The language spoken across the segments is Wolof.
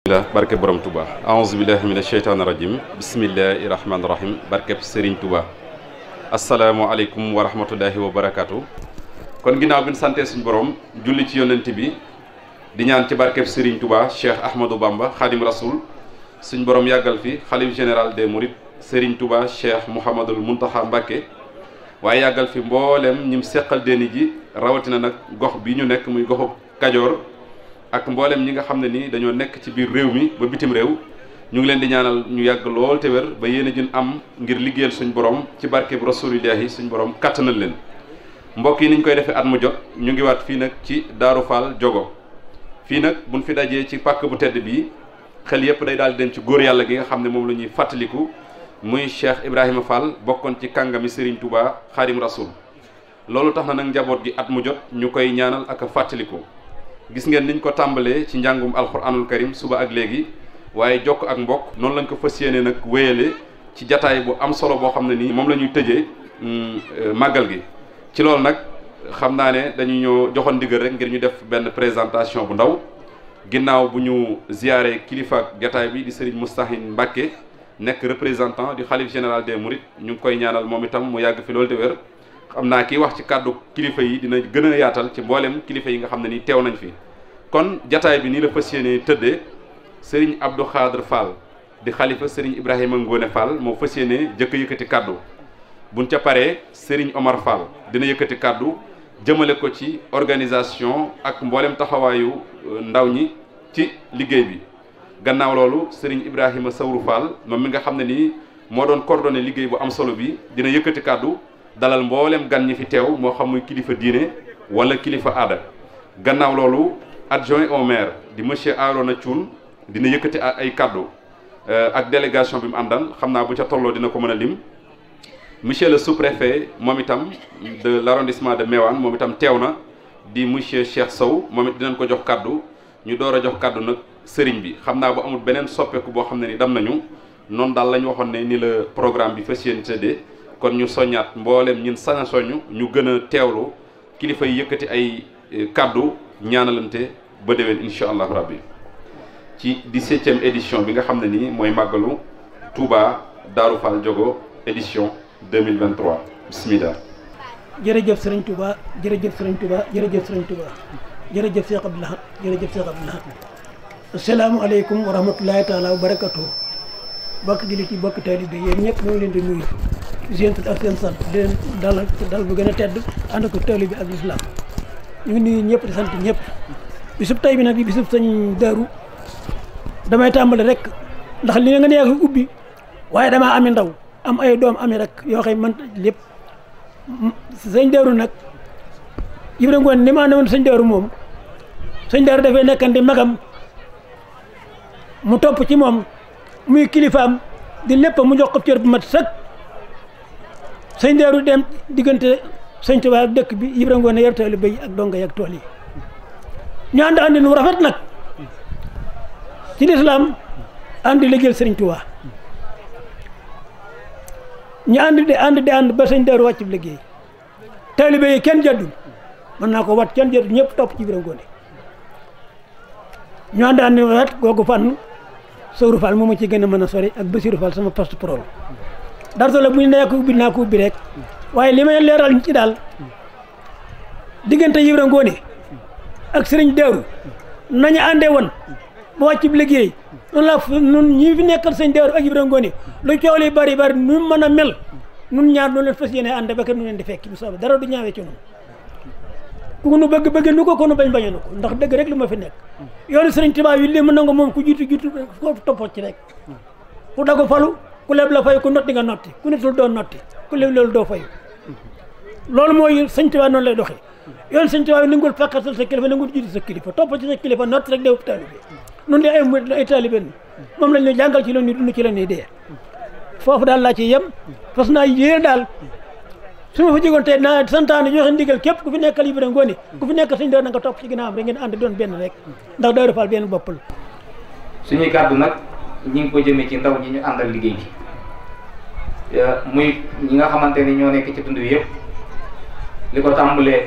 bismillah barke borom Touba aousubillahi min asheytaan irajim bisimillahi rahmanirahim barkeb Serigne Touba asalaamualeykum wa rahmatullahi wa barakatu kon ginnaaw bi ñu suñ boroom borom julli ci yonent bi di ñaan ci barkeb Serigne Touba Cheikh Ahmadou Bamba Khadim Rasoul suñ borom yàggal fi xalif général des mourides Serigne Touba Cheikh Mouhamadul Mountakha Mbacké waaye yàggal fi mboolem ñim seqal déeni ji rawatina nag gox bi ñu nekk muy goxu Kajoor ak mboolem ñi nga xam ne nii dañoo nekk ci biir réew mi ba bitim réew ñu ngi leen di ñaanal ñu yàgg lool te ba yéen a jun am ngir liggéeyal suñu borom ci barke bu rasulillahi suñ borom kàttanal leen mbokk yi niñ koy defee at mu jot ñu ngi waat fii nag ci Daaru Faal Jogo fii nag buñ fi dajee ci pàkk bu tedd bii xel yépp day daal di dem ci góor yàlla gi nga xam ne moom la ñuy fàttaliku muy Cheikh Ibrahima Fall bokkoon ci kàngami Serigne Touba Xaadim Rasoul loolu tax na nag njaboot gi at mu jot ñu koy ñaanal ak a gis ngeen niñ ko tàmbalee ci njàngum alxuraanul karim suba ak léegi waaye jokk ak mbokk noonu lañ ko fas yéene nag wéyale ci jataay bu am solo boo xam ne nii moom lañuy tëjee mm, euh, màggal gi ci loolu nag xam naa ne dañu ñoo joxoon ndigal rek ngir ñu def benn présentation bu ndaw ginnaaw bu ñu ziyaare kilifa jataay bi di Serigne Moustahine Mbacké nekk représentant di xalif général de Mourides ñu ngi koy ñaanal moom itam mu yàgg fi loolu te xam naa kiy wax ci kàddu kilifa yi dina gën a yaatal ci mboolem kilifa yi nga xam ne nii teew nañ fi. kon jataay bi nii la fas yéene tëddee sëriñ Abdou Khadre di xalifa sëriñ Ibrahima Ngone Fall moo fas yéene jëkk yëkkati kàddu buñ ca paree sëriñ Omar Fall dina yëkkati kàddu jëmale ko ci organisation ak mboolem taxawaayu euh, ndaw ñi ci liggéey bi gannaaw loolu sëriñ Ibrahima Sawru Fall moom mi nga xam ne nii moo doon coordonné liggéey bu am solo bi dina yëkkati kàddu dalal mboolem gan ñi fi teew moo xam muy kilifa diine wala kilifa aada gannaaw loolu adjoint au maire di monsieur a Thioune dina yëkkati ay kàddu euh, ak délégation bi mu àndal xam naa bu ca tolloo dina ko mën a lim monsieur le sous moom itam de l'arrondissement de Mewane moom itam teew na di monsieur Cheikh Sow moom it dinañ ko jox kàddu ñu door a jox kàddu nag sëriñ bi xam naa bu amul beneen soppeeku boo xam ne ni dam nañu noonu daal la ñu waxoon ne ni la programme bi fas yéene tëddee kon ñu soññaat mbooleem ñun sañ a soññ ñu gën a teewlu kilifa yëkkati ay euh, kàddu ñaanalante ba déwén incha allahu rabbi ci 17e édition bi nga xam ne nii mooy màggalu Touba Darou Fall Diogo édition 2023 bismillah. jërëjëf Serigne Touba jërëjëf Serigne Touba jërëjëf Serigne Touba jërëjëf Cheikh Abdou Lahad jërëjëf Cheikh Abdou Lahad. asalaamaaleykum wa rahmatulahi taala wa barakatu bokk jullit ci bokk taalibe yi yéen ñëpp ñoo ngi leen di nuyu seen tur ak seen sant di leen dalal dal bu gën a tedd ànd ko taalibe bi ak lislaam ñu ngi nuyu ñëpp di sant ñëpp bisub tay bi nag bisub sëñ Daaru damay tàmbale rek ndax li nga nee ko ubbi waaye damaa ami ndaw am ay doom ami rek yoo xam man lépp sëñ Daaru nag Ibra Ngoone ni ma àndoon sëñ Daaru moom sëñ Daaru dafay nekkan di magam mu topp ci moom muy kilifaam di lépp mu jox ko cër bu mat sëkk sëñ Daaru dem diggante. sëñ Tuubaa ak dëkk bi Ibra Ngoone yar taalibe yi ak donga yi ak tool yi ñu ànd andi nu rafet nag ci lislaam ànd liggéeyal sëriñ Tuubaa ñu ànd di ànd di ànd ba sëñ Daaru wàcc bi liggéey taalibe yi kenn jàddul mën naa ko wat kenn jàddul ñëpp topp ci Ibra Ngoone ñu ànd andi rafet googu fànn Sowru Fall moom ci gën a mën a sori ak Basiru Fall sama poste parole dara la bu ñu nee ko ubbi naa ko ubbi rek waaye li ma leeral ñu ci daal diggante Ibra Ngoone ak sëriñ Deeru nañu àndee woon ba wàcc bi liggéey noonu la nun ñi fi nekkal sëriñ Deeru ak Ibra Ngoone lu coow li bari bari nu mën a mel nun ñaar noonu leen fas yenee ànd ba ke nu leen di fekk bu soobee dara du ñaawee ci noonu ku nu bëgg bëgg nu ko ko bañ bañu nu ko ndax dëgg rek lu ma fi nekk yoonu sëriñ Tuubaa yi li mu nangu moom ku jiitu jiitu ko toppoo ci rek ku dagu falu ku leb la fay ku notti nga notti ku doo notti ku loolu doo fayu loolu mooy sëñ Tuubaa noonu lay doxee yoon sëñ Tuubaa bi nangul fàqatal sa kilifa nangul jiitu sa kilifa topp ci sa kilifa not rek deewu taalibe nun de ay murid lañ ñu jàngal ci la ñuy dund ci la ñuy dee foofu daal laa ci yem fas naa yéer daal su ma fa jógoon tey naa santaane joxe ndigal képp ku fi nekkal yi bi da ngoone ku fi nekk sëñ doon na nga topp ci ginnaawam rek ngeen ànd doon benn rek ndax Daaru Fall benn bopp la suñuy kàddu nag ñi ngi ko jëme ci ndaw ñi ñu àndal liggéey bi ñi nga xamante ni ñoo nekk li ko tàmbalee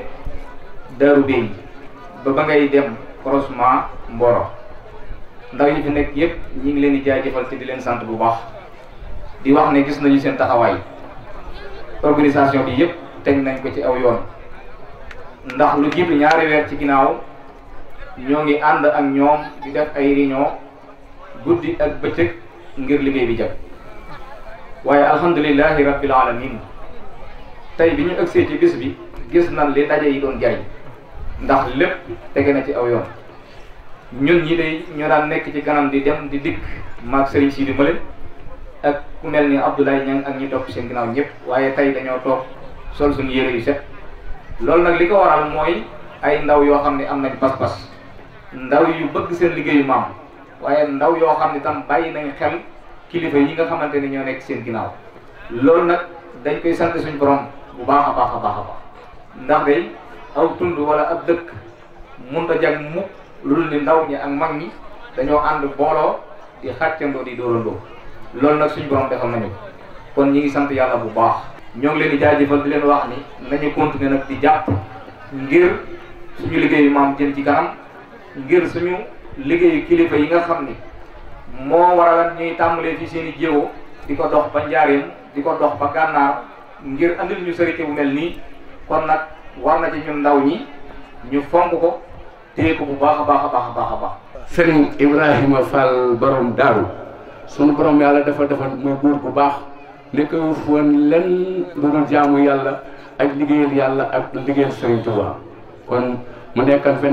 Daaru Bey ba ba ngay dem croisement Mboro ndax ñi fi nekk yëpp ñi ngi leen di jaajëfal te di leen sant bu baax di wax ne gis nañu seen taxawaay organisation bi yëpp teg nañ ko ci aw yoon ndax lu jiitu ñaari weer ci ginnaaw ñoo ngi ànd ak ñoom di def ay réunion guddi ak bëccëg ngir liggéey bi jëm waaye alhamdulilahi rabbil alamin tey bi ñu agsee ci bis bi gis na li ndaje yi doon jariñ ndax lépp tege na ci aw yoon ñun ñi day ñoo daan nekk ci kanam di dem di dikk maag Serigne Sidi Male ak ku nel ni Abdoulaye Niang ak ñi topp seen ginnaaw ñëpp waaye tey dañoo toog sol suñu yére yu set loolu nag li ko waral mooy ay ndaw yoo xam ne am nañ pas-pas ndaw yu bëgg seen liggéeyu maam waaye ndaw yoo xam ne tam bàyyi nañ xel kilifa yi nga xamante ni ñoo nekk seen ginnaaw loolu nag dañ koy sant suñu borom bu baax a baax a baax ndax day aw tund wala ak dëkk mënut a jag mukk lu dul ni ndaw ñi ak mag ñi dañoo ànd booloo di xàccandoo di dóorandoo loolu nag suñ borom defal nañu kon ñi ngi sant yàlla bu baax ñoo ngi leen di jaajëfal di leen wax ni nañu continuer nag di jàpp ngir suñu liggéeyu maam jëm ci kanam ngir suñu liggéeyu kilifa yi nga xam ni moo waral ñuy tàmbalee fii seeni i di ko dox ba njaareem di ko dox ba gànnaar ngir andil ñu sërite bu mel nii kon nag war na ci ñun ndaw ñi ñu fonk ko téye ko bu baax a baax a baax a baax a baax. Serigne Ibrahima Fall boroom daaru sunu borom yàlla dafa defal muy góor bu baax nekk woon lenn lu jaamu yàlla ak liggéeyal yàlla ak liggéeyal Serigne Touba kon mu nekkan fi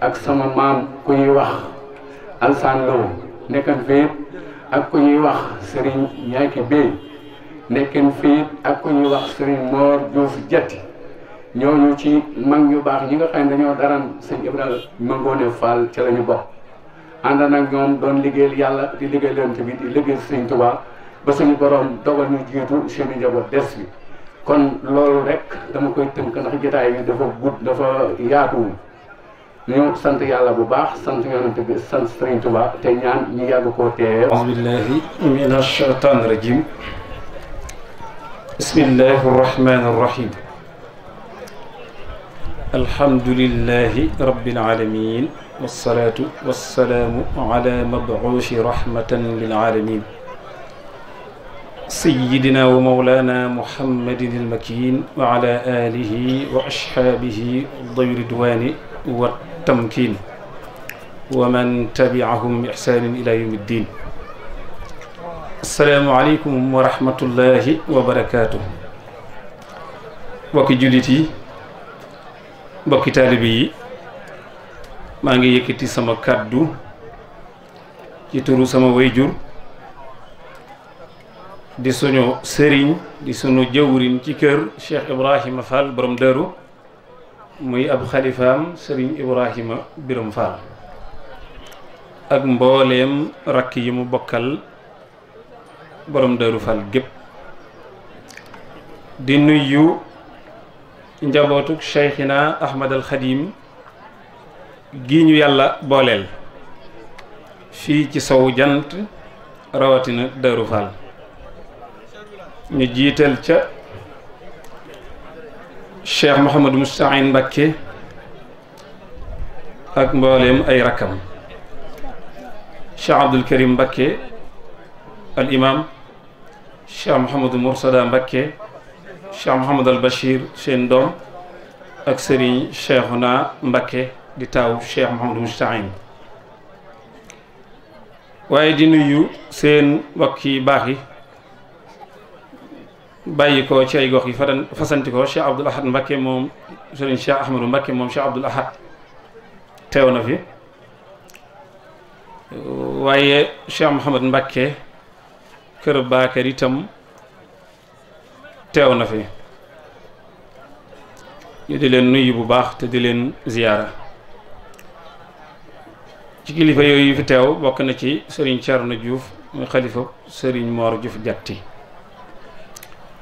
ak sama maam ku ñuy wax Alsaan Lo nekkan fi ak ku ñuy wax Serigne Ñaaki Bey nekkan fi ak ku ñuy wax Serigne moor Diouf Jatti ñooñu ci mag ñu baax ñi nga xam ne dañoo daraan sëñ Ibrahima Mangone Fall ci la ñu bokk ànd nag ñoom doon liggéeyal yàlla di liggéeyal yonent bi di liggéeyal sëñ Tuubaa ba suñu borom dogal ñu jiitu seeni njaboot des bi kon loolu rek dama koy tënk ndax jotaay bi dafa gudd dafa yaatuwul ñu sant yàlla bu baax sant yonent bi sant sëñ Tuubaa te ñaan ñu yàgg koo teewee bismillahi minash shaytaani rajim bismillahi alhamdulilahi rabbil alamin wassalaatu wassalaamu ala mabuusi rahmatan lil alamin sayidina wa mawlana muhammadin almakin wa ala alihi wa ashaabihi dawi ridwani wa tamkin wa man tabiahum bi ihsanin ila yawmi ddin assalaamu aleykum wa rahmatullahi wa barakatuh mbokki jullit yi mbokki taalibe yi maa ngi yëkkati sama kàddu ci turu sama wayjur di suñu sëriñ di suñu jëwriñ ci kër Cheikh Ibrahima Fall borom dëru muy ab xalifaam sëriñ Ibrahima Biram Fall ak mbooleem rakk yi mu bokkal borom dëru Fall gépp di nuyu njabootuk Cheikhina Ahmad al Xadim gi ñu yàlla booleel fii ci sow jant rawatina Darou Fall ñu jiital ca Cheikh Mouhamadou Mousta'in Mbacké ak mbooleem ay rakkam Cheikh Abdoul Karim Mbacké al imam Cheikh Mouhamadul Bachir seen doom ak sëriñ Cheikhouna Mbacké di taawu Cheikh Mouhamadul Moustahine waaye di nuyu seen mbokk yi baax yi bàyyi ko ci ay gox yi fasanti ko Cheikh Abdoul Ahad Mbacké moom sëriñ Cheikh Ahmadou Mbacké moom Cheikh Abdoul Ahad teew fi waaye Cheikh Mouhamad Mbacké kër Bakar itam. teew na fi ñu di leen nuyu bu baax te di leen ziyaara ci kilifa yooyu fi teew bokk na ci sëriñ na Diouf muy xalifa sëriñ Mor juuf jatti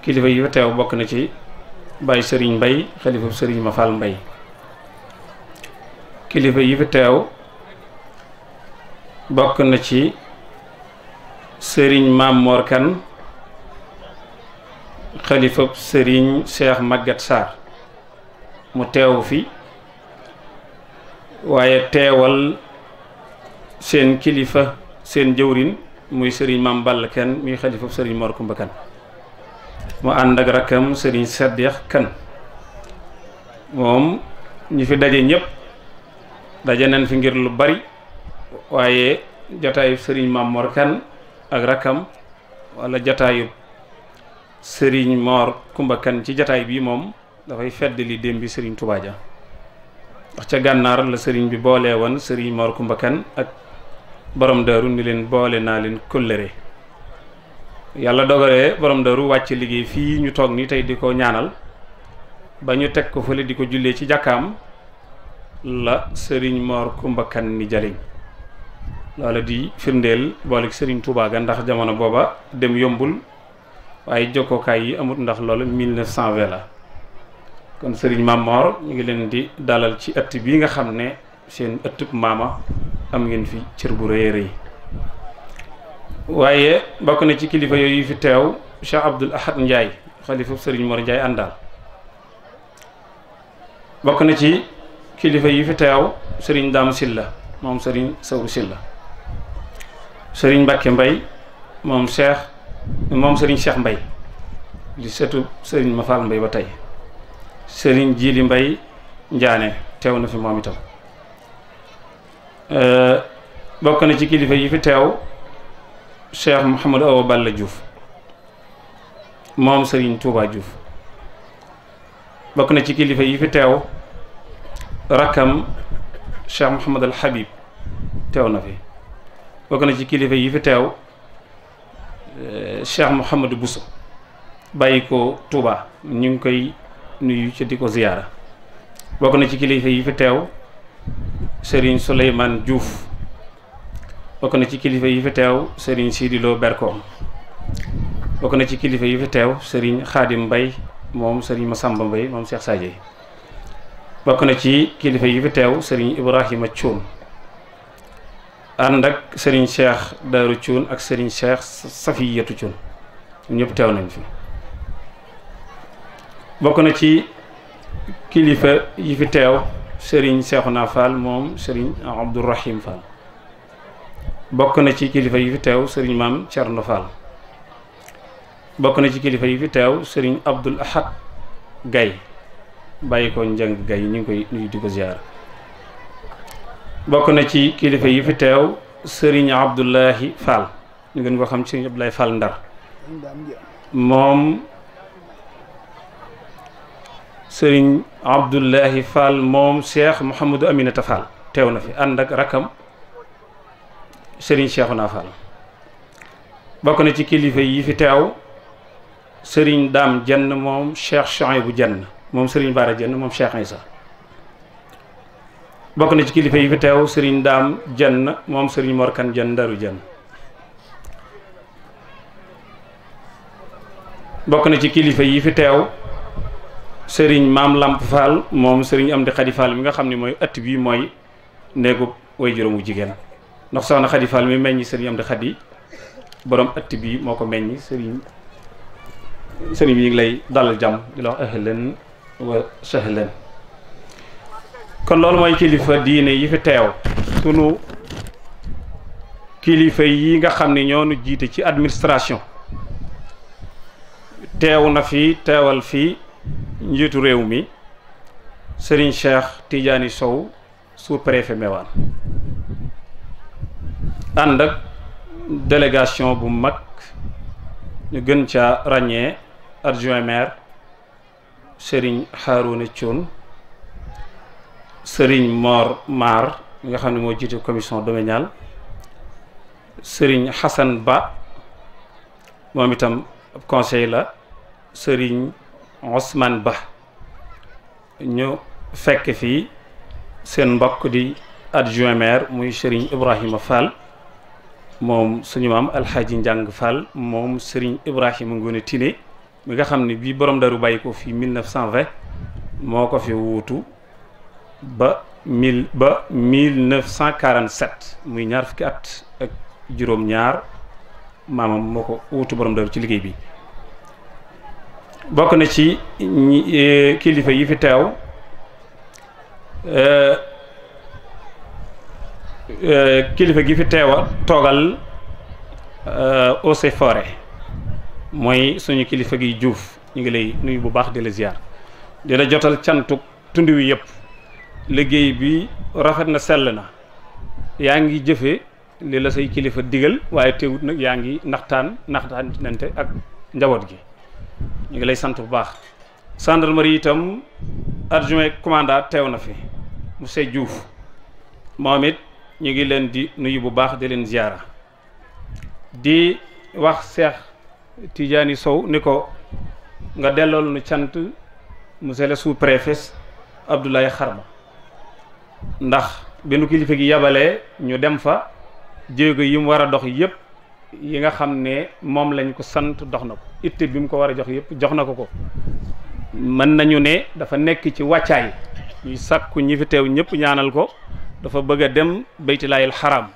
kilifa yi fa teew bokk na ci Baye Serigne Mbaye xalifa Serigne Mafal Mbaye kilifa yi fi teew bokk na ci sëriñ Maam Mor Kan xalifab sëriñ Cheikh Maguette Sarr mu teewu fi waaye teewal seen kilifa seen jëwrin muy sëriñ Mame Balla Kane muy xalifab sëriñ Mor Kumba Kane mu ànd ak rakkam sëriñ Saddeex Kane moom ñu fi daje ñëpp daje nañ fi ngir lu bari waaye jataayu sëriñ Mame Mor Kane ak rakkam walla jataayu sëriñ Mor Kumba ci jataay bii moom dafay fedd li démb bi sëriñ tubaaja ndax ca gànnaar la sëriñ bi boole woon sëriñ Mor Kumba ak boroom daaru ni leen boole naa leen kóllëre yàlla dogalee borom daaru wàcc liggéey fii ñu toog ni tey di ko ñaanal ba ñu teg ko fële di ko jullee ci jàkkaam la sëriñ Mor Kumba Kan ni jaliñ loola di firndeel booleeg sëriñ Touba ndax jamono booba dem yombul waaye jokkookaay yi amut ndax loolu 1920 la kon sëriñ Mame Mor ñu ngi leen di dalal ci ëtt bi nga xam ne seen ëttub maama am ngeen fi cër bu rëy rëy waaye bokk na ci kilifa yooyu fi teew Cheikh Abdoul Ahad Ndiaye xalifa sëriñ Mor Ndiaye àndaal bokk na ci kilifa yi fi teew sëriñ Dame Silla moom sëriñ Sawru Silla sëriñ Mbacke Mbay moom Cheikh. moom Serigne Cheikh Mbay di sëriñ Serigne Mafal Mbay ba tey Serigne Jili Mbay Njaane teew na fi moom itam euh, bokk na ci kilifa yi fi teew Cheikh Mouhamadou Awa Balla Diouf moom Serigne Touba Diouf bokk na ci kilifa yi fi teew rakkam Cheikh Mouhamadou Al Habib teew na fi bokk na ci kilifa yi fi teew Euh, Cheikh Mouhamadou Bousso bàyyi ko Touba ñu ngi koy nuyu ci di ko ziyaara bokk na ci kilifa yi fi teew sëriñ Souleymane Diouf bokk na ci kilifa yi fi teew Serigne Sidi Berkoom bokk na ci kilifa yi fi teew sëriñ Khadim mbay moom Serigne Massamba Mbaye moom Cheikh Sadie bokk na ci kilifa yi fi teew Serigne Ibrahima Thioune ànd ak Serigne Cheikh Darou ak Serigne Cheikh Safiyatou Thioune ñëpp teew nañ fi bokk na ci kilifa yi fi teew seexu Cheikhouna Fall moom Serigne Abdourahim Fall bokk na ci kilifa yi fi teew Serigne Maam Thierno Fall bokk na ci kilifa yi fi teew Serigne Abdoul Ahad Gaye bàyyi ko njàng Gaye ñu ngi koy nuyu di ko ziar. bokk na ci kilifa yi fi teew sëriñ Abdullahi Fall ñu gën koo xam sëriñ Abdullahi Fall Ndar moom sëriñ Abdullahi Fall moom Cheikh Mouhamadou Aminata Fall teew na fi ànd ak rakkam sëriñ Cheikhouna Fall bokk na ci kilifa yi fi teew sëriñ Dame Jenn moom Cheikh bu Jenn moom sëriñ Bara Jenn moom Cheikh Issa bokk na ci kilifa yi fi teew sëriñ daam jenn moom sëriñ morkan jenn ndaru jenn bokk na ci kilifa yi fi teew sëriñ maam lamp fall moom sëriñ am di xadi fall mi nga xam ni mooy ëtt bi mooy néegub way juróom jigéen ndox soxna xadi fall mi meññ sëriñ am di xadi borom ëtt bi moo ko meññ sëriñ sëriñ bi lay dalal jàmm di la wax ahlan wa sahlan kon loolu mooy kilifa diine yi fi teew sunu kilifa yi nga xam ni ñoonu nu jiite ci administration teew na fi teewal fi njiitu réew mi sëriñ Cheikh Tidiane Sow sous-préfet Mewane ànd ak délégation bu mag ñu gën ca ràññee adjoint maire Serigne Harouna Thioune sëriñ Mor Maar mi nga xam ne moo jiite commission domaniale sëriñ Xasan Ba moom itam conseil la sëriñ Ousmane Ba ñu fekk fii seen mbokk di adjoint muy sëriñ Ibrahima Fall moom suñu maam alxaaji Njàng Fall moom sëriñ Ibrahima Ngoone Tine mi nga xam ne bii borom daru bàyyi ko fii 1920 moo ko fi wuutu ba mille ba mille neuf cent quarante muy ñaar fukki at ak juróom-ñaar maamam moo ko wuutu borom daru ci liggéey bi bokk na ci ñi e, kilifa yi fi teew e, e, kilifa gi fi teewa toogal Eaux mooy suñu kilifa gi juuf ñu ngi lay nuyu bu baax di la ziar di la jotal cantuk tund wi yëpp liggéey bi rafet na sell na yaa ngi jëfe li la say kilifa digal waaye teewut nag yaa ngi naxtaan naxtaan nante ak njaboot gi ñu ngi lay sant bu baax gendarmerie itam adjoint commandant teew na fi monsieur Diouf moom it ñu ngi leen di nuyu bu baax di leen ziyaara di wax Cheikh Tidiane Sow ni ko nga dellool nu cant monsieur le sous-préfet Abdoulaye Kharma ndax benn kilifa gi yabalee ñu dem fa jéego yi mu war a dox yëpp yi nga xam ne moom lañ ko sant dox na ko itte bi mu ko war a jox yëpp jox na ko ko mën nañu ne dafa nekk ci wàccaay ñuy sàkku ñi fi teew ñëpp ñaanal ko dafa bëgg a dem baytilaayil xaram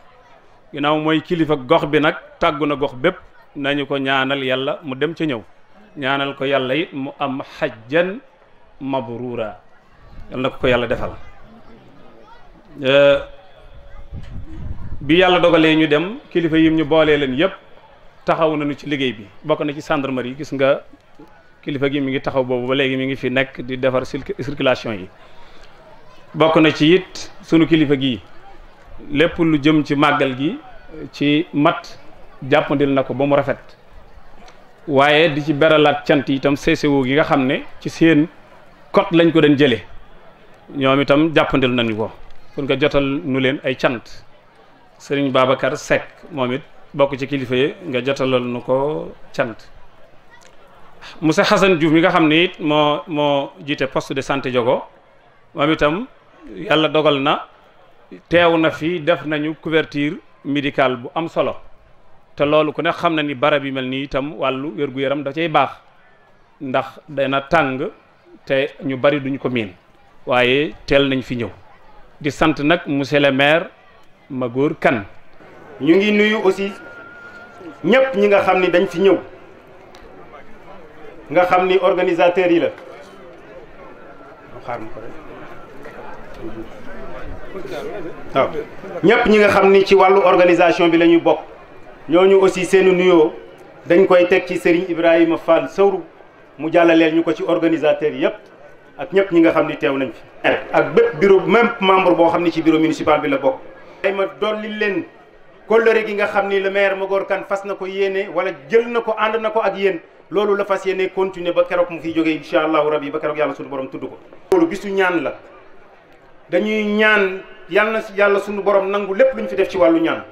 ginnaaw mooy kilifa gox bi nag tàggu na gox bépp nañu ko ñaanal yàlla mu dem ca ñëw ñaanal ko yàlla it mu am xajjan mabruura yal na ko ko yàlla defal Euh, bi yàlla dogalee ñu dem kilifa yim ñu boolee leen yëpp taxaw nañu ci liggéey bi bokk na ci gendarmerie gis nga kilifa gi mi ngi taxaw boobu ba léegi mu ngi fi nekk di defar circulation yi bokk na ci it sunu kilifa gi lépp lu jëm ci màggal gi ci mat jàppandil na ko ba mu rafet waaye di ci beralaat cant itam CCO gi nga xam ne ci seen kot lañ ko doon jëlee ñoom itam jàppandil nañu ko. pour nga jotal nu leen ay cant sëriñ Babacar Seck moom it bokk ci kilifa yi nga jotalal nu ko cant monsieur Hassan Diouf mi nga xam ni it moo moo jiite poste de santé Diogo moom itam yàlla dogal na teew na fi def nañu couverture médical bu am solo te loolu ku ne xam na ni barab yi mel nii itam wàllu wér-gu-yaram da cay baax ndax dana tàng te ñu bari duñ ko miin waaye teel nañ fi ñëw di sant nag monsieur le maire góor Kane ñu ngi nuyu aussi ñëpp ñi nga xam ni dañ fi ñëw nga xam ni organisateurs yi la waaw ñëpp ñi nga xam ni ci wàllu organisation bi la ñu bokk ñooñu aussi seeni nuyoo dañ koy teg ci Serigne Ibrahima Fall Sowru mu jàllaleel ñu ko ci organisateurs yëpp ak ñëpp ñi nga xam ni teew nañ fi. ak bépp bureau même membre boo xam ni ci bureau municipal bi la bokk. ay ma dolli leen kóllëre gi nga xam ni le maire Magor Kane fas na ko yéene wala jël na ko ànd na ko ak yéen loolu la fas yéene continuer ba keroog mu fiy jógee incha allahu rabi ba keroog yàlla suñu borom tudd ko. loolu bisu ñaan la dañuy ñaan yal na yàlla suñu borom nangu lépp lu ñu fi def ci wàllu ñaan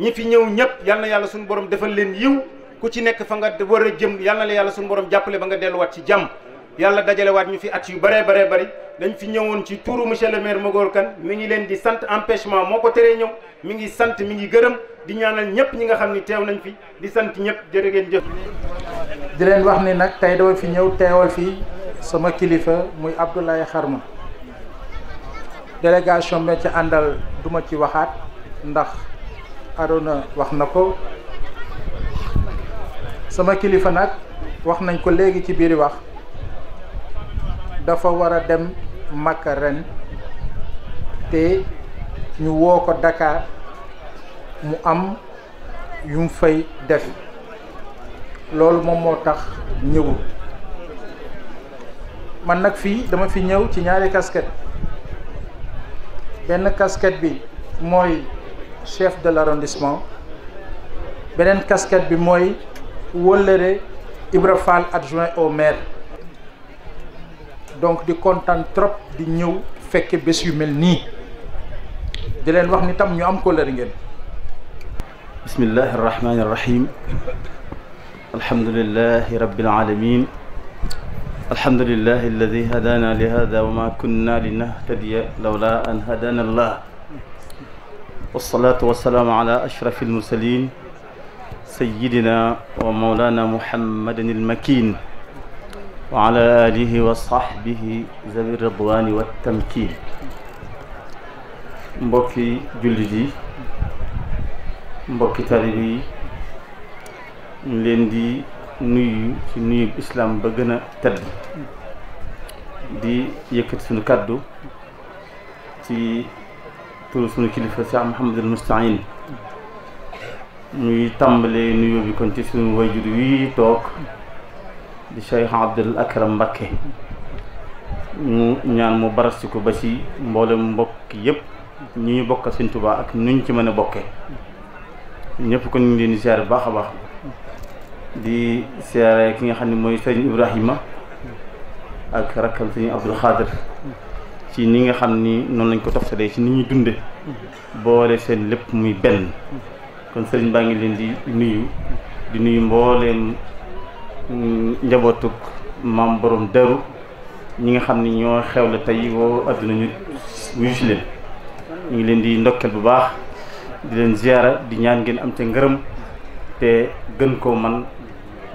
ñi fi ñëw ñëpp yal yàlla suñu borom defal leen yiw ku ci nekk fa nga war a jëm yal na yàlla suñu borom jàppale ba nga delluwaat ci jàmm yàlla dajalewaat ñu fi at yu bëree bëree bari dañ fi ñëwoon ci tuuru monsieur le maire Magor kan mi ngi leen di sant empêchement moo ko teree ñëw mi ngi sant mi ngi gërëm di ñaanal ñëpp ñi nga xam ni teew nañ fi di sant ñëpp jërë ngeen jëf. di leen wax ni nag tey dama fi ñëw teewal fii sama kilifa muy Abdoulaye Kharma délégation bi ci àndal duma ci waxaat ndax Arona wax na ko sama kilifa nag wax nañ ko léegi ci biir wax. dafa war a dem Makka te ñu woo ko dakaar mu am yu fay def loolu moom moo tax ñëwul man nag fii dama fi ñëw ci ñaari casquette benn casquette bi mooy chef de l'arrondissement beneen casquette bi mooy wëllëre Ibra Fall adjoint au maire donc di kontaan trop di ñëw fekke bés yu mel nii di leen wax ni tam ñu am kóllëre ngeen bismillahi arrahmani irrahim alhamdulilahi rabbil alamin alhamdulilahi alladi hadana li hada wa ma kunna linahtadiya lawla an hadana allah wasalaatu wasalaamu ala ashrafi almursalin sayidina wa maulana muhammadin almakin wa ala alihi wa sahbihi zawi ridwani wa tamkin mbokki jullit yi mbokki talib yi leen di nuyu ci nuyu islam ba gën a tedd di yëkkati suñu kàddu ci turu suñu kilifa Cheikh Mouhamadul Mousta'in muy tàmbalee nuyu bi kon ci suñu wayjur wii toog di Cheikh Abdul Akram Mbakke mu ñaan mu barasiku ba ci mboolem mbokk yëpp ñi ñu bokk Sëñ Tuubaa ak nuñ ci mën a bokkee ñëpp ko ñu leen di siyaare bu baax a baax di siyaare ki nga xam ne mooy sëñ Ibrahima ak rakkam sëñ Abdul Xaadir ci ni nga xam ni noonu lañ ko toftalee ci ni ñuy dunde boole seen lépp muy benn kon sëriñ baa ngi leen di nuyu di nuyu mbooleem Mm, njabootuk maam boroom daru ñi nga xam ne ñoo xewle tey woo adduna ñu wuyu si leen ñu ngi leen di ndokkeel bu baax di leen ziara di ñaan ngeen am ca ngërëm te gën koo man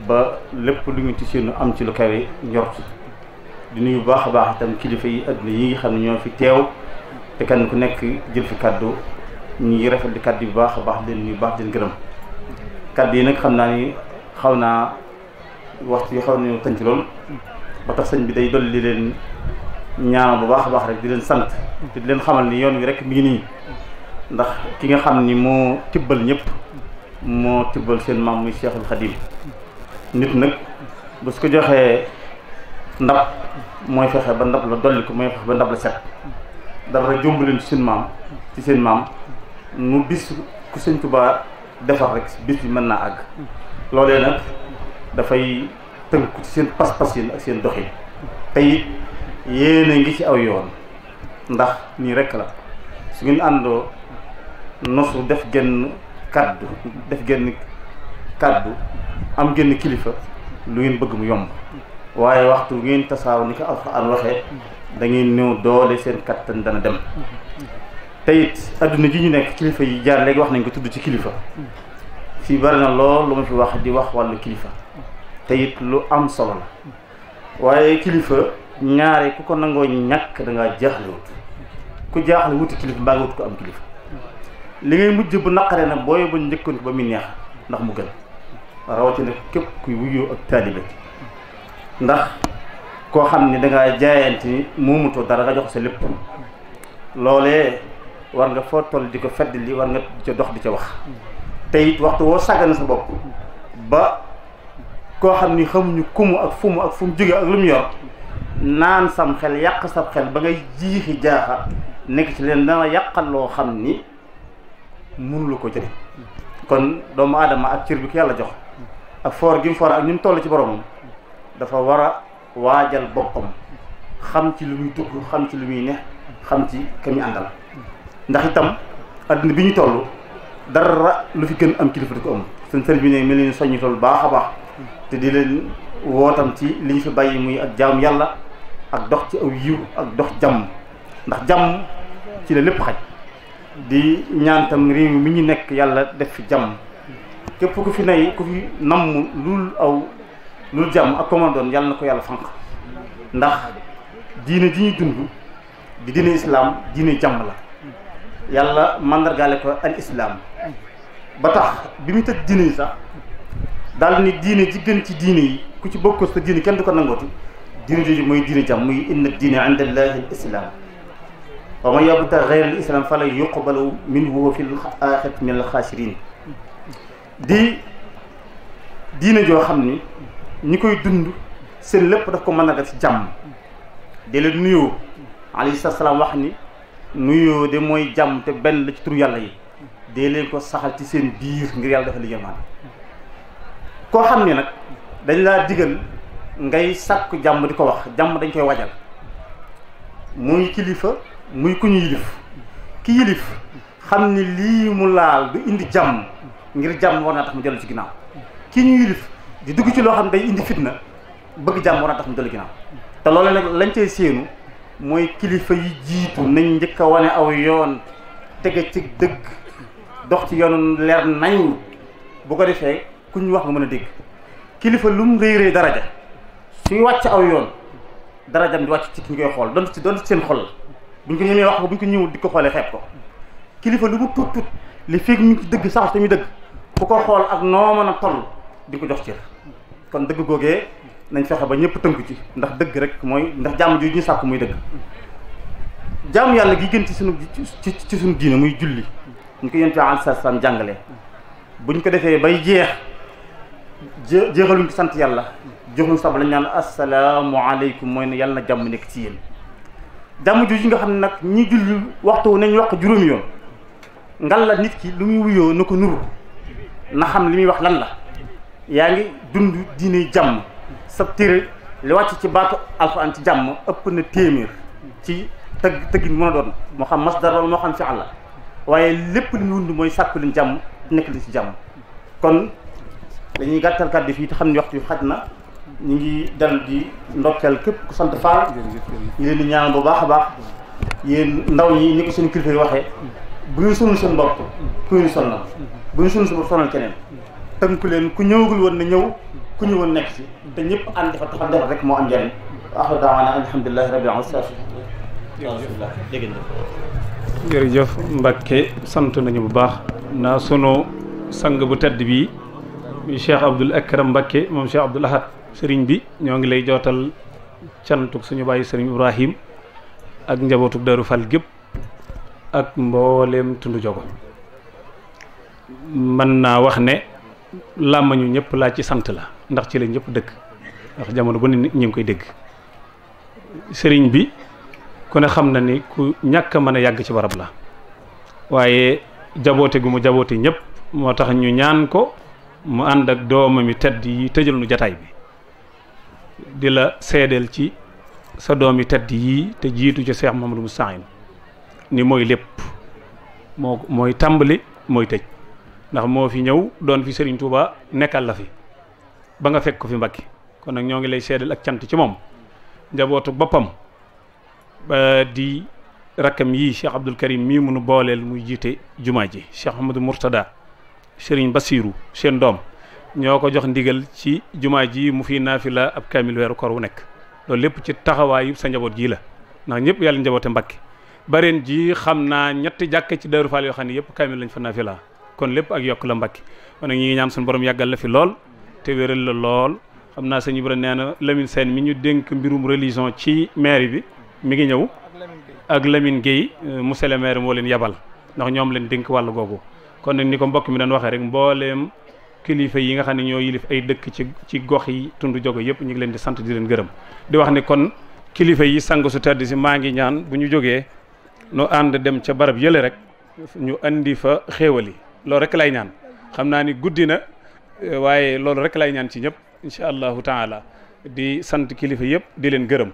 ba lépp lu ñu ci seenu am ci lu kawe njort di nuyu bu baax a baax itam kilifa yi adduna yi nga xam ne ñoo fi teew te kenn ku nekk jël fi kàddu ñu ngi rafet di kàddu bu baax a baax leen nuyu baax di leen gërëm kàddu yi nag xam naa ni xaw naa waxtu yoo xam ne ci tënk ba tax sañ bi day dolli di leen ñaanal bu baax a baax rek di leen sant te di leen xamal ni yoon wi rek mi ngi nii ndax ki nga xam ni moo tibbal ñépp moo tibbal seen maam muy Cheikhul Khadim nit nag bu su ko joxee ndab mooy fexe ba ndab la dolli ko mooy fexe ba ndab la set dara jomb leen ci seen maam ci seen maam nu bis ku sëñ Tuubaa defar rek bis bi mën naa àgg loolee nag dafay tënku ci seen pas-pas yéen ak seen doxe te it ngi ci aw yoon ndax nii rekk la su ngeen àndoo nosu def genn kàddu def genn kàddu am genn kilifa lu ngeen bëgg mu yomb waaye waxtu ngeen tasaaw ni ko alxuraan waxee da ngeen néew doole seen kattan dana dem te it adduna ji ñu nekk kilifa yi jaar léegi wax nañ ko tudd ci kilifa fii bari na lool lu ma fi wax di wax wàllu kilifa te lu am solo la waaye kilifa ñaare ku ko nangoo ñàkk da ngaa jaaxle wut ku jaaxle wuti kilifa mbaa nga wut ko am kilifa li ngay mujj bu naqaree nag booy ba njëkkoon ba muy neex ndax mu gën rawatina képp kuy wuyoo ak taalibe ndax koo xam ne dangaa jaayante ni muumutoo dara nga jox sa lépp loolee war nga foo toll di ko fedd li war nga di ca dox di ca wax te it waxtu woo sàggana sa bopp ba koo xam ni xamuñu kumu ak fumu ak fum jóge ak lu mu yor naan sam xel yàq sam xel ba ngay jiixi jaaxa nekk ci leen dana yàqal loo xam ni mënulu ko jëriñ kon doomu aadama ak cër bi ko yàlla jox ak foor gi mu foor ak ni mu toll ci boromam dafa war a waajal boppam xam ci lu muy dugg xam ci lu muy ne xam ci ka muy àndal ndax itam adduna bi ñu toll dara lu fi gën am kilifa di ko am seen sëriñ bi ne mel ni soññi tool baax a baax te di leen wootam ci li ñu fi bàyyi muy ak jaam yàlla ak dox ci aw yiw ak dox jàmm ndax jàmm ci la lépp xaj di ñaan tam réew mi ñu nekk yàlla def fi jàmm képp ku fi nay ku fi namm lul aw lul jàmm ak komandoon yàlla na ko yàlla fanq ndax diine ji ñuy dund di diine islaam diine jàmm la yàlla mandargaale ko al islaam ba tax bi mu tëj diine yi sax daal ni diine ji ci diine yi ku ci bokkoo sa diine kenn du ko nangooti diine jooju mooy diine jàmm muy inna diine inda allahi al islaam wa joo xam ni ñi koy dund seen lépp daf ko mën a def ci jàmm di leen nuyoo alayhi salaam wax ni nuyoo de mooy jàmm te benn la ci tur yàlla yi dee leen ko saxal ci seen biir ngir yàlla dafa liggéey koo xam ne nag dañ laa digal ngay sàkku jàmm di ko wax jàmm dañ koy wajal muy kilifa muy ku ñu yilif ki yilif xam ni lii mu laal du indi jàmm ngir jàmm war naa tax mu dellu ci ginnaaw ki ñu yilif di dugg ci loo xam day indi fitna bëgg jàmm war naa tax mu dellu ginnaaw te loolu nag lañ cay séenu mooy kilifa yi jiitu nañ njëkk a wane aw yoon tege ci dëgg dox ci yoonu leer nañ bu ko defee ku ñu wax nga mën a dégg kilifa lu mu rëy rëy daraja suy wàcc aw yoon darajam di wàcc ci ki ñu koy xool donte ci donte seen xol buñ ko ñëwee wax ko ñëwul ko ñëw di ko xoolee xeeb ko kilifa lu mu tuut tuut li fekk ñu dëgg sax su muy dëgg ku ko xool ak noo mën a toll di ko jox cër kon dëgg googee nañ fexe ba ñëpp tënku ci ndax dëgg rek mooy ndax jàmm ji ñu sàkk muy dëgg jaamu yàlla gi ci sunu ci ci sunu muy julli ñu ko yent bi aleyhi jàngale buñ ko defee bay jeex jé jeexaluñ sant yàlla joxuñ sab lañ naan asalaamualeykum mooy ne yàlla na jàmm nekk ci yéen jàmm jooju nga xam ne nag ñi julli waxtu nañ wax juróom yoon ngal la nit ki lu muy wuyoo na ko nuru na xam li muy wax lan la yaa ngi dund diine jàmm sab téere li wàcc ci baatu alxuraan ci jàmm ëpp na téeméer ci tëgg tëggin mën a doon moo xam masdar wala moo xam fi àlla waaye lépp li mu wund mooy sàkku liñ jàmm nekk li ci jàmm kon dañuy gàttal kàddu fii te xam ne waxtu yu xaj na ñu ngi dal di ndokkeel képp ku sant Fall ñu leen di ñaan bu baax a baax yéen ndaw ñi ni ko seen kilifa yi bu ñu sunu seen bopp ku ñu sonal mm-hmm. bu ñu sunu seen bopp sonal keneen tënku leen ku ñëwagul woon na ñëw ku ñu woon nekk fi te ñëpp ànd dafa tax dara am njëriñ waaw daawaana alhamdulilahi rabbil alamin dégg sant nañu bu baax naa sunu sang bu tedd bii muy Cheikh Abdoul Akram moom Cheikh Abdoul Ahad sëriñ bi ñoo ngi lay jootal cantuk suñu bàyyi sëriñ Ibrahim ak njabootuk Darou Fall gépp ak mbooleem tund jogo mën naa wax ne làmmañu ñëpp laa ci sant la ndax ci la ñëpp dëkk ndax jamono bu ne ñu ngi koy dégg sëriñ bi ku ne xam na ni ku ñàkk a mën a yàgg ci barab la waaye jaboote gu mu jaboote ñëpp moo tax ñu ñaan ko mu ànd ak doomam yi tedd yi tëjal nu jataay bi di la seedeel ci sa doom yi tedd yi te jiitu ci Cheikh Mamadou Moustahine ni mooy lépp moo mooy tàmbali mooy tëj ndax moo fi ñëw doon fi sëriñ Touba nekkal la fi ba nga fekk ko fi mbakki kon nag ñoo ngi lay seedal ak cant ci moom njabootu boppam di rakkam yii Cheikh Abdul Karim mii munu booleel muy jiite jumaa ji Cheikh Ahmadou Mourtada seriñ Bassirou seen doom ñoo ko jox ndigal ci jumaa ji mu fi la ab kaamil weeru kor wu nekk loolu lépp ci taxawaayu sa njaboot jii la ndax ñëpp yàlla njaboote mbakki bareen ji xam naa ñetti jàkke ci Daaru Faal yoo xam ne yëpp kaamil lañ fa la kon lépp ak yokk la Mbàkke kon nag ñi ñaan suñu borom yàggal la fi lool te la lool xam naa sëñ Ibra nee na Lamine Sène mi ñu dénk mbirum religion ci maire bi mi ngi ñëw ak Lamine Guèye euh, monsieur le maire moo leen yabal ndax ñoom leen dénk wàll googu kon nag ni ko mbokk mi doon waxee rek mbooleem kilifa yi nga xam ne ñoo yilif ay dëkk ci ci gox yi tund jogo yëpp ñu ngi leen di sant di leen gërëm di wax ni kon kilifa yi sang su tedd si maa ngi ñaan bu ñu jógee nu ànd dem ca barab yële rek ñu indi fa xéewal yi loolu rek lay ñaan waaye loolu rek lay ñaan ci ñëpp incha allahu taala di sant kilifa yëpp di leen gërëm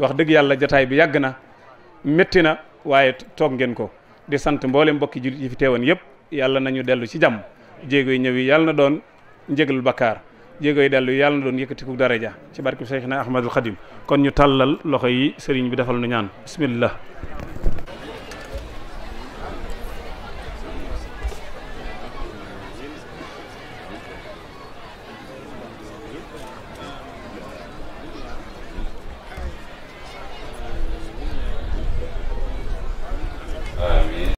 wax dëgg yàlla jataay bi yàgg na métti na waaye toog ngeen ko di sant mboole mbokki jullit yi fi teewoon yëpp yàlla nañu dellu ci jàmm jéego yi ñëw yi yàlla na doon njëgal bakkaar jéego yi dellu yàlla doon doon yëkkatiku daraja ci barke Seexna Ahmadul Xadim kon ñu tàllal loxo yi sëriñ bi defal nu ñaan bismillah